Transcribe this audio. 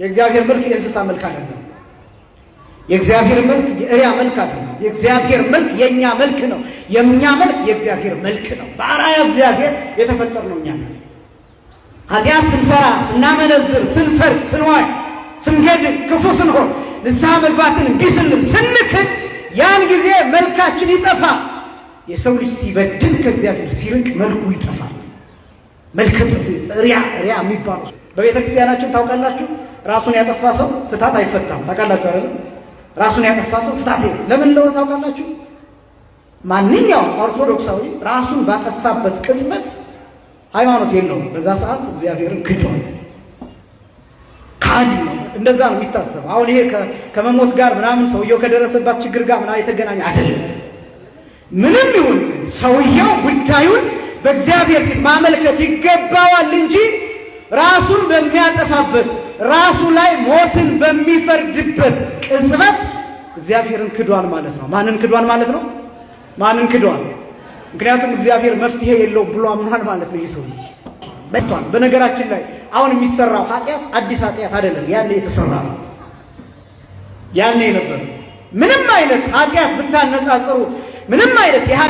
የእግዚአብሔር መልክ የእንስሳ መልክ አይደለም። የእግዚአብሔር መልክ የእሪያ መልክ አይደለም። የእግዚአብሔር መልክ የእኛ መልክ ነው። የእኛ መልክ የእግዚአብሔር መልክ ነው። በአርአያ እግዚአብሔር የተፈጠር ነው። እኛ ኃጢአት ስንሰራ፣ ስናመነዝር፣ ስንሰርቅ፣ ስንዋይ፣ ስንገድ ክፉ ስንሆን፣ ንስሐ መግባትን እንዲህ ስንል፣ ስንክል ያን ጊዜ መልካችን ይጠፋ። የሰው ልጅ ሲበድል፣ ከእግዚአብሔር ሲርቅ መልኩ ይጠፋል። መልከ ጥፍ ሪያ ሪያ የሚባሉ በቤተ ክርስቲያናችን ታውቃላችሁ፣ ራሱን ያጠፋ ሰው ፍታት አይፈታም። ታውቃላችሁ አይደለም? ራሱን ያጠፋ ሰው ፍታት ለምን እንደሆነ ታውቃላችሁ? ማንኛውም ኦርቶዶክሳዊ ራሱን ባጠፋበት ቅጽበት ሃይማኖት የለውም። በዛ ሰዓት እግዚአብሔርን ክዷል። ነው። እንደዛ ነው የሚታሰብ። አሁን ይሄ ከመሞት ጋር ምናምን ሰውየው ከደረሰባት ችግር ጋር ምና የተገናኘ አይደለም። ምንም ይሁን ሰውየው ጉዳዩን በእግዚአብሔር ፊት ማመልከት ይገባዋል እንጂ ራሱን በሚያጠፋበት ራሱ ላይ ሞትን በሚፈርድበት ቅጽበት እግዚአብሔርን ክዷል ማለት ነው። ማንን ክዷል ማለት ነው? ማንን ክዷል? ምክንያቱም እግዚአብሔር መፍትሄ የለውም ብሎ አምኗል ማለት ነው። ይህ ሰው በቷል። በነገራችን ላይ አሁን የሚሰራው ኃጢአት አዲስ ኃጢአት አይደለም። ያኔ የተሰራ ነው። ያኔ የነበረ ምንም አይነት ኃጢአት ብታነጻጽሩ ምንም አይነት